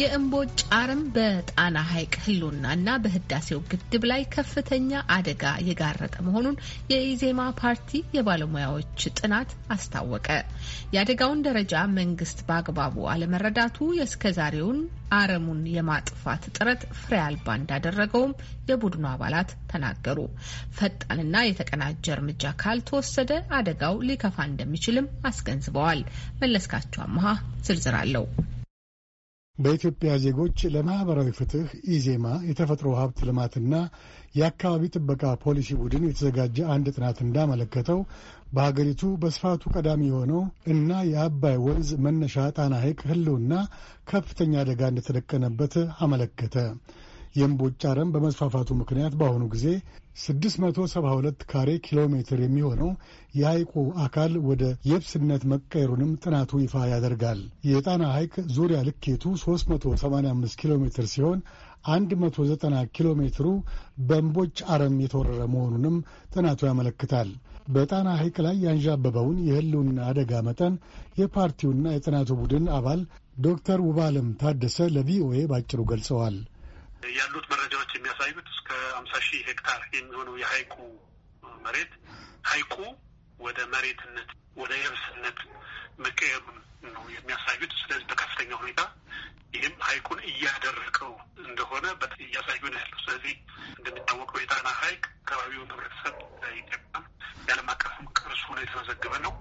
የእምቦጭ አረም በጣና ሐይቅ ህልውናና በህዳሴው ግድብ ላይ ከፍተኛ አደጋ የጋረጠ መሆኑን የኢዜማ ፓርቲ የባለሙያዎች ጥናት አስታወቀ። የአደጋውን ደረጃ መንግስት በአግባቡ አለመረዳቱ የእስከዛሬውን አረሙን የማጥፋት ጥረት ፍሬ አልባ እንዳደረገውም የቡድኑ አባላት ተናገሩ። ፈጣንና የተቀናጀ እርምጃ ካልተወሰደ አደጋው ሊከፋ እንደሚችልም አስገንዝበዋል። መለስካቸው አመሃ ዝርዝር አለው። በኢትዮጵያ ዜጎች ለማኅበራዊ ፍትሕ ኢዜማ የተፈጥሮ ሀብት ልማትና የአካባቢ ጥበቃ ፖሊሲ ቡድን የተዘጋጀ አንድ ጥናት እንዳመለከተው በሀገሪቱ በስፋቱ ቀዳሚ የሆነው እና የአባይ ወንዝ መነሻ ጣና ሐይቅ ሕልውና ከፍተኛ አደጋ እንደተደቀነበት አመለከተ። የእምቦጭ አረም በመስፋፋቱ ምክንያት በአሁኑ ጊዜ 672 ካሬ ኪሎ ሜትር የሚሆነው የሐይቁ አካል ወደ የብስነት መቀየሩንም ጥናቱ ይፋ ያደርጋል። የጣና ሐይቅ ዙሪያ ልኬቱ 385 ኪሎ ሜትር ሲሆን 190 ኪሎ ሜትሩ በእምቦጭ አረም የተወረረ መሆኑንም ጥናቱ ያመለክታል። በጣና ሐይቅ ላይ ያንዣበበውን የህልውና አደጋ መጠን የፓርቲውና የጥናቱ ቡድን አባል ዶክተር ውባለም ታደሰ ለቪኦኤ ባጭሩ ገልጸዋል። ያሉት መረጃዎች የሚያሳዩት እስከ አምሳ ሺህ ሄክታር የሚሆነው የሀይቁ መሬት ሀይቁ ወደ መሬትነት ወደ የብስነት መቀየሩን ነው የሚያሳዩት። ስለዚህ በከፍተኛ ሁኔታ ይህም ሀይቁን እያደረቀው እንደሆነ እያሳዩ ነው ያለው። ስለዚህ እንደሚታወቀው የጣና ሀይቅ አካባቢውን ህብረተሰብ ኢትዮጵያ የዓለም አቀፍም ቅርሱ ነው የተመዘገበ ነው።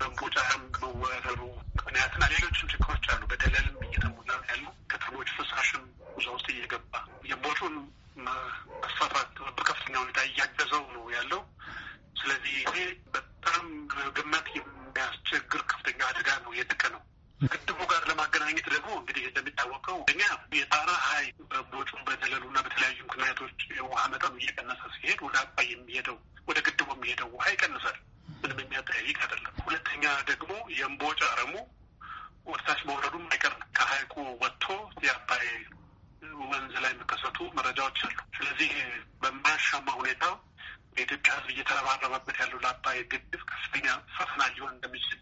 በእምቦጫም መወረሩ ምክንያትና ሌሎችም ችግሮች አሉ። በደለልም እየተሞላ ያሉ ከተማ ግድቡ ጋር ለማገናኘት ደግሞ እንግዲህ እንደሚታወቀው እኛ የጣራ ሀይል በተለሉ በተለሉና በተለያዩ ምክንያቶች የውሃ መጠኑ እየቀነሰ ሲሄድ ወደ አባይ የሚሄደው ወደ ግድቡ የሚሄደው ውሃ ይቀንሳል። ምንም የሚያጠያይቅ አይደለም። ሁለተኛ ደግሞ የእምቦጭ አረሙ ወደታች መውረዱም አይቀርም። ከሀይቁ ወጥቶ የአባይ ወንዝ ላይ የሚከሰቱ መረጃዎች አሉ። ስለዚህ በማያሻማ ሁኔታ በኢትዮጵያ ሕዝብ እየተረባረበበት ያለው ለአባይ ግድብ ከፍተኛ ፈተና ሊሆን እንደሚችል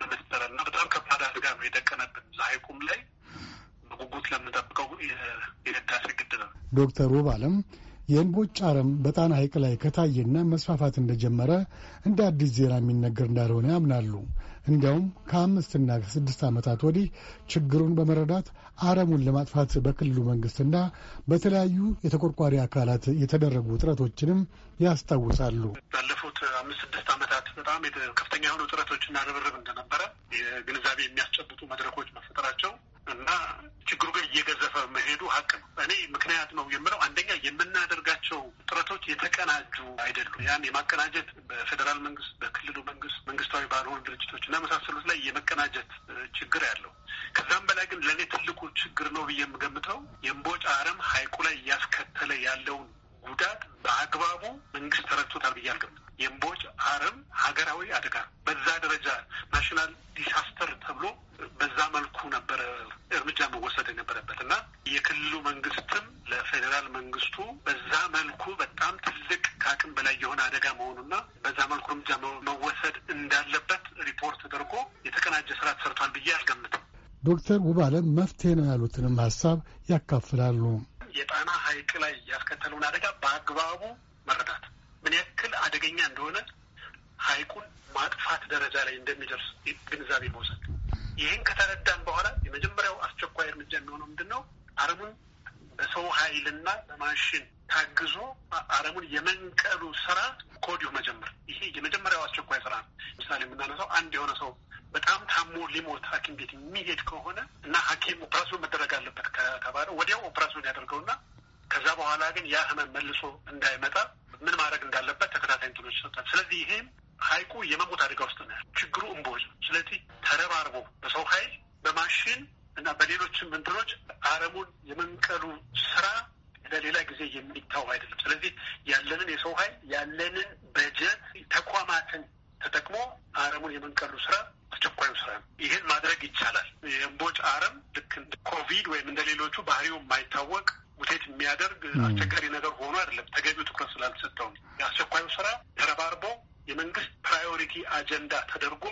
መመሰረና በጣም አደጋ ነው የደቀነብን። ለሀይቁም ላይ በጉጉት ለምንጠብቀው የህዳሴ ግድብ ነው። ዶክተር ውብ አለም የእንቦጭ አረም በጣና ሐይቅ ላይ ከታየና መስፋፋት እንደጀመረ እንደ አዲስ ዜና የሚነገር እንዳልሆነ ያምናሉ። እንዲያውም ከአምስትና ከስድስት ዓመታት ወዲህ ችግሩን በመረዳት አረሙን ለማጥፋት በክልሉ መንግስትና በተለያዩ የተቆርቋሪ አካላት የተደረጉ ጥረቶችንም ያስታውሳሉ። ባለፉት አምስት ስድስት ዓመታት በጣም ከፍተኛ የሆኑ ጥረቶችና ርብርብ እንደነበረ የግንዛቤ የሚያስጨብጡ መድረኮች መፈጠራቸው መሄዱ ሀቅ ነው። እኔ ምክንያት ነው የምለው አንደኛ የምናደርጋቸው ጥረቶች የተቀናጁ አይደሉም። ያን የማቀናጀት በፌዴራል መንግስት፣ በክልሉ መንግስት፣ መንግስታዊ ባልሆኑ ድርጅቶች እና መሳሰሉት ላይ የመቀናጀት ችግር ያለው ከዛም በላይ ግን ለእኔ ትልቁ ችግር ነው ብዬ የምገምተው የእምቦጭ አረም ሀይቁ ላይ እያስከተለ ያለውን ጉዳት በአግባቡ መንግስት ተረድቶታል ብዬ አልገምትም። የእምቦጭ አረም ሀገራዊ አደጋ በዛ ደረጃ ናሽናል ዲሳስተር ተብሎ በዛ መልኩ ነበረ እርምጃ መወሰድ የክልሉ መንግስትም ለፌዴራል መንግስቱ በዛ መልኩ በጣም ትልቅ ከአቅም በላይ የሆነ አደጋ መሆኑና በዛ መልኩ እርምጃ መወሰድ እንዳለበት ሪፖርት ተደርጎ የተቀናጀ ስራ ተሰርቷል ብዬ አልገምትም። ዶክተር ውባለም መፍትሄ ነው ያሉትንም ሀሳብ ያካፍላሉ። የጣና ሐይቅ ላይ ያስከተለውን አደጋ በአግባቡ መረዳት ምን ያክል አደገኛ እንደሆነ ሐይቁን ማጥፋት ደረጃ ላይ እንደሚደርስ ግንዛቤ መውሰድ። ይህን ከተረዳን በኋላ የመጀመሪያው አስቸኳይ እርምጃ የሚሆነው ምንድን ነው? አረሙን በሰው ኃይልና በማሽን ታግዞ አረሙን የመንቀሉ ስራ ከወዲሁ መጀመር። ይሄ የመጀመሪያው አስቸኳይ ስራ ነው። ምሳሌ የምናነሳው አንድ የሆነ ሰው በጣም ታሞ ሊሞት ሐኪም ቤት የሚሄድ ከሆነ እና ሐኪም ኦፕራሲዮን መደረግ አለበት ከተባለ ወዲያው ኦፕራሲዮን ያደርገውና ከዛ በኋላ ግን ያ ህመም መልሶ እንዳይመጣ ምን ማድረግ እንዳለበት ተከታታይ እንትኖች ይሰጣል። ስለዚህ ይሄም ሀይቁ የመሞት አደጋ ውስጥ ነው ያለ ችግሩ እምቦጭ። ስለዚህ ተረባርቦ በሰው ኃይል በማሽን እና በሌሎችም እንትኖች አረሙን የመንቀሉ ስራ ለሌላ ጊዜ የሚታው አይደለም። ስለዚህ ያለንን የሰው ኃይል ያለንን በጀት ተቋማትን ተጠቅሞ አረሙን የመንቀሉ ስራ አስቸኳዩ ስራ ነው። ይህን ማድረግ ይቻላል። የእምቦጭ አረም ልክ ኮቪድ ወይም እንደ ሌሎቹ ባህሪው የማይታወቅ ውጤት የሚያደርግ አስቸጋሪ ነገር ሆኖ አይደለም። ተገቢው ትኩረት ስላልተሰጠው የአስቸኳዩ ስራ ተረባርቦ የመንግስት ፕራዮሪቲ አጀንዳ ተደርጎ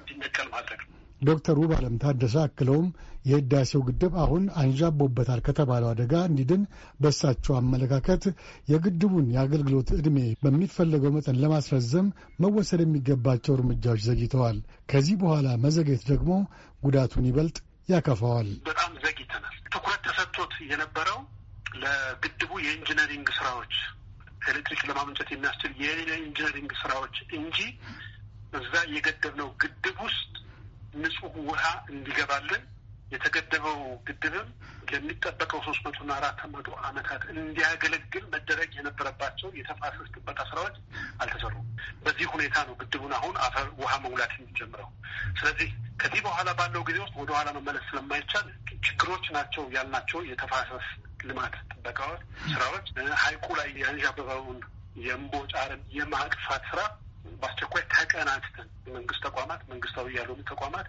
እንዲነቀል ማድረግ ነው። ዶክተር ውብአለም ታደሰ አክለውም የህዳሴው ግድብ አሁን አንዣቦበታል ከተባለው አደጋ እንዲድን በእሳቸው አመለካከት የግድቡን የአገልግሎት ዕድሜ በሚፈለገው መጠን ለማስረዘም መወሰድ የሚገባቸው እርምጃዎች ዘግይተዋል። ከዚህ በኋላ መዘግየት ደግሞ ጉዳቱን ይበልጥ ያከፋዋል። በጣም ዘግይተናል። ትኩረት ተሰጥቶት የነበረው ለግድቡ የኢንጂነሪንግ ስራዎች ኤሌክትሪክ ለማመንጨት የሚያስችል የኢንጂነሪንግ ስራዎች እንጂ እዛ የገደብነው ግድብ ውስጥ ንጹህ ውሃ እንዲገባልን የተገደበው ግድብም ለሚጠበቀው ሶስት መቶና አራት መቶ ዓመታት እንዲያገለግል መደረግ የነበረባቸው የተፋሰስ ጥበቃ ስራዎች አልተሰሩም። በዚህ ሁኔታ ነው ግድቡን አሁን አፈር ውሃ መሙላት የሚጀምረው። ስለዚህ ከዚህ በኋላ ባለው ጊዜ ውስጥ ወደኋላ መመለስ ስለማይቻል ችግሮች ናቸው ያልናቸው የተፋሰስ ልማት ጥበቃዎች ስራዎች ሀይቁ ላይ የአንዣበበውን የእምቦጭ አረም የማቅፋት ስራ በአስቸኳይ ተቀናጅተን መንግስት ተቋማት፣ መንግስታዊ ያልሆኑ ተቋማት፣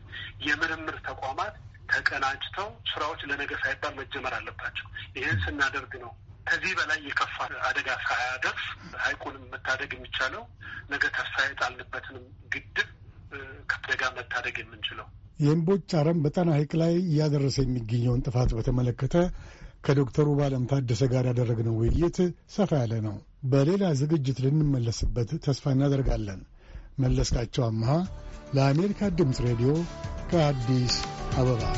የምርምር ተቋማት ተቀናጅተው ስራዎች ለነገ ሳይባል መጀመር አለባቸው። ይህን ስናደርግ ነው ከዚህ በላይ የከፋ አደጋ ሳያደርስ ሀይቁን መታደግ የሚቻለው ነገ ተስፋ የጣልንበትንም ግድብ ከአደጋ መታደግ የምንችለው። የእምቦጭ አረም በጣና ሐይቅ ላይ እያደረሰ የሚገኘውን ጥፋት በተመለከተ ከዶክተሩ ባለም ታደሰ ጋር ያደረግነው ውይይት ሰፋ ያለ ነው። በሌላ ዝግጅት ልንመለስበት ተስፋ እናደርጋለን። መለስካቸው አምሃ ለአሜሪካ ድምፅ ሬዲዮ ከአዲስ አበባ